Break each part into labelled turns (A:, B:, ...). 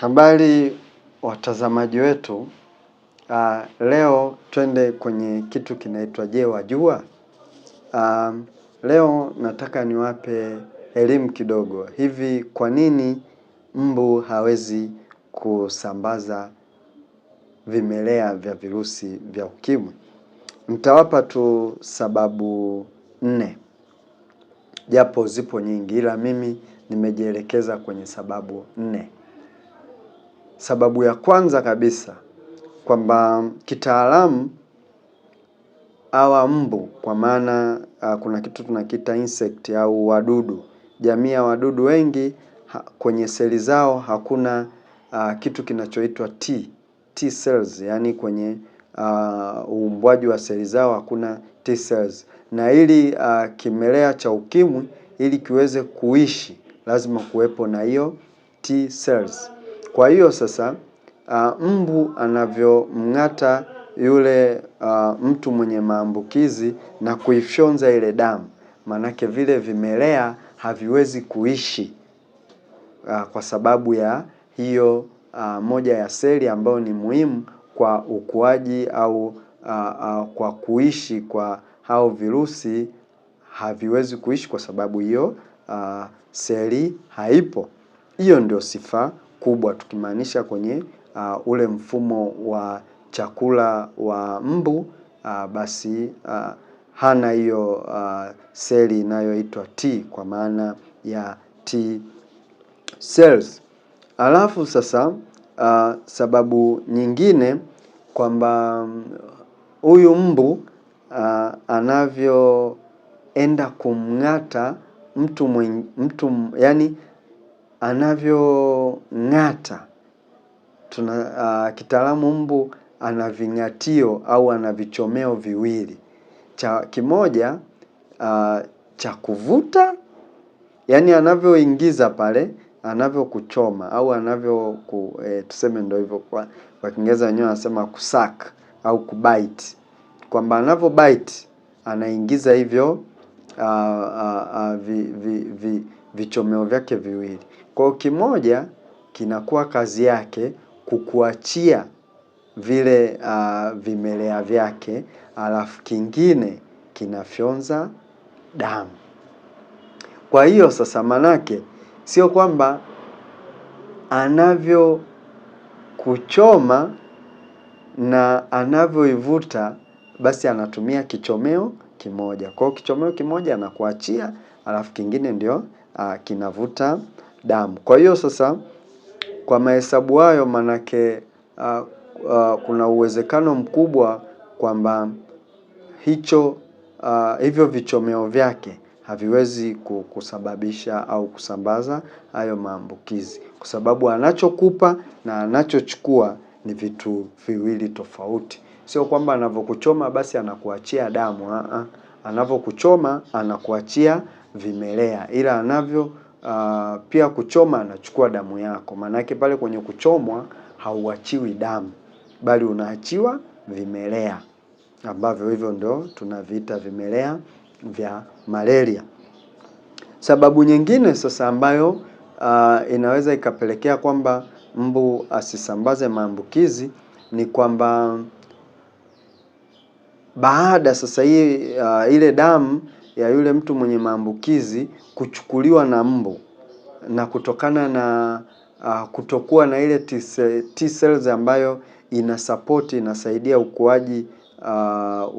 A: Habari watazamaji wetu, uh, leo twende kwenye kitu kinaitwa Je, wajua? Uh, leo nataka niwape elimu kidogo hivi, kwa nini mbu hawezi kusambaza vimelea vya virusi vya ukimwi. Nitawapa tu sababu nne, japo zipo nyingi, ila mimi nimejielekeza kwenye sababu nne. Sababu ya kwanza kabisa kwamba kitaalamu hawa mbu kwa maana uh, kuna kitu tunakiita insect au wadudu, jamii ya wadudu wengi ha, kwenye seli zao hakuna uh, kitu kinachoitwa T, T cells, yani kwenye ah, uumbwaji wa seli zao hakuna T cells, na ili uh, kimelea cha ukimwi ili kiweze kuishi lazima kuwepo na hiyo T cells. Kwa hiyo sasa uh, mbu anavyomng'ata yule uh, mtu mwenye maambukizi na kuifyonza ile damu, maanake vile vimelea haviwezi kuishi uh, kwa sababu ya hiyo uh, moja ya seli ambayo ni muhimu kwa ukuaji au uh, uh, kwa kuishi kwa hao virusi haviwezi kuishi kwa sababu hiyo uh, seli haipo. Hiyo ndio sifa kubwa, tukimaanisha kwenye uh, ule mfumo wa chakula wa mbu uh, basi uh, hana hiyo uh, seli inayoitwa T kwa maana ya T cells. Alafu sasa uh, sababu nyingine kwamba mm, huyu mbu uh, anavyoenda kumng'ata mtu mtu, yani anavyong'ata tuna uh, kitaalamu mbu ana ving'atio au ana vichomeo viwili cha kimoja uh, cha kuvuta yani anavyoingiza pale anavyokuchoma au anavyo ku, eh, tuseme ndio hivyo kwa, kwa Kiingereza wenyewe wanasema kusak au kubite, kwamba anavyo bite anaingiza hivyo uh, uh, uh, vi, vi, vi, vichomeo vyake viwili. Kwa kimoja kinakuwa kazi yake kukuachia vile vimelea vyake alafu kingine kinafyonza damu. Kwa hiyo sasa manake sio kwamba anavyokuchoma na anavyoivuta basi anatumia kichomeo kimoja. Kwa hiyo kichomeo kimoja anakuachia alafu kingine ndio kinavuta damu. Kwa hiyo sasa, kwa mahesabu hayo, manake uh, uh, kuna uwezekano mkubwa kwamba hicho uh, hivyo vichomeo vyake haviwezi kusababisha au kusambaza hayo maambukizi, kwa sababu anachokupa na anachochukua ni vitu viwili tofauti. Sio kwamba anavyokuchoma basi anakuachia damu, anavyokuchoma anakuachia vimelea, ila anavyo Uh, pia kuchoma anachukua damu yako, maanake pale kwenye kuchomwa hauachiwi damu, bali unaachiwa vimelea ambavyo hivyo ndo tunaviita vimelea vya malaria. Sababu nyingine sasa ambayo uh, inaweza ikapelekea kwamba mbu asisambaze maambukizi ni kwamba baada sasa hii uh, ile damu ya yule mtu mwenye maambukizi kuchukuliwa na mbu na kutokana na uh, kutokuwa na ile T cells ambayo ina support inasaidia ukuaji uh,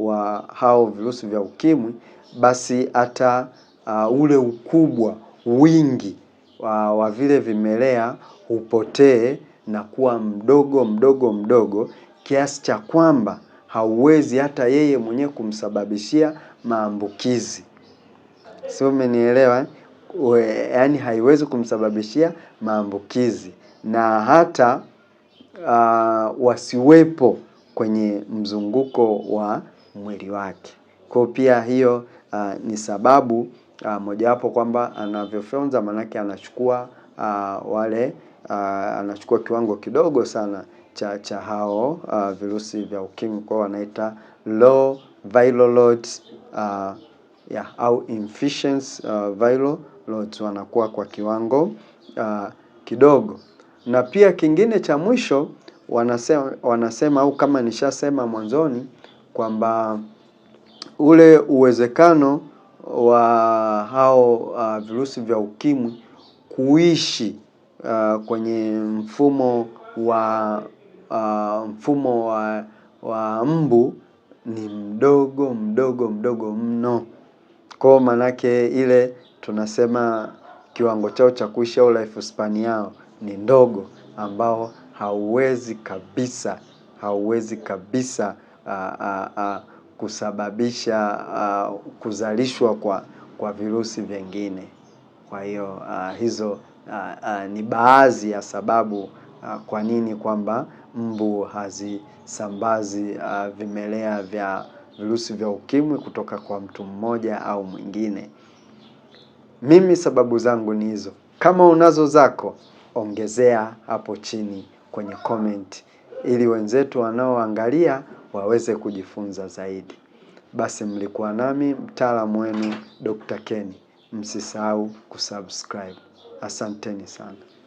A: wa hao virusi vya ukimwi, basi hata uh, ule ukubwa wingi wa, wa vile vimelea upotee na kuwa mdogo mdogo mdogo kiasi cha kwamba hauwezi hata yeye mwenyewe kumsababishia maambukizi sio, umenielewa? Yaani haiwezi kumsababishia maambukizi na hata uh, wasiwepo kwenye mzunguko wa mwili wake. Kwa pia hiyo uh, ni sababu uh, mojawapo kwamba anavyofyonza, maanake anachukua uh, wale uh, anachukua kiwango kidogo sana cha cha hao uh, virusi vya ukimwi, kwa wanaita low viral load uh, ya, au infections uh, viral loads wanakuwa kwa kiwango uh, kidogo. Na pia kingine cha mwisho wanasema, wanasema au kama nishasema mwanzoni kwamba ule uwezekano wa hao uh, virusi vya ukimwi kuishi uh, kwenye mfumo wa uh, mfumo wa, wa mbu ni mdogo mdogo mdogo mno. Kwa manake ile tunasema kiwango chao cha kuishi au span yao ni ndogo, ambao hauwezi kabisa hauwezi kabisa a, a, a, kusababisha a, kuzalishwa kwa kwa virusi vingine. Kwa hiyo a, hizo a, a, ni baadhi ya sababu a, kwa nini kwamba mbu hazisambazi vimelea vya virusi vya ukimwi kutoka kwa mtu mmoja au mwingine. Mimi sababu zangu ni hizo. Kama unazo zako, ongezea hapo chini kwenye comment, ili wenzetu wanaoangalia waweze kujifunza zaidi. Basi mlikuwa nami mtaalamu wenu Dr. Ken. Msisahau kusubscribe. Asanteni sana.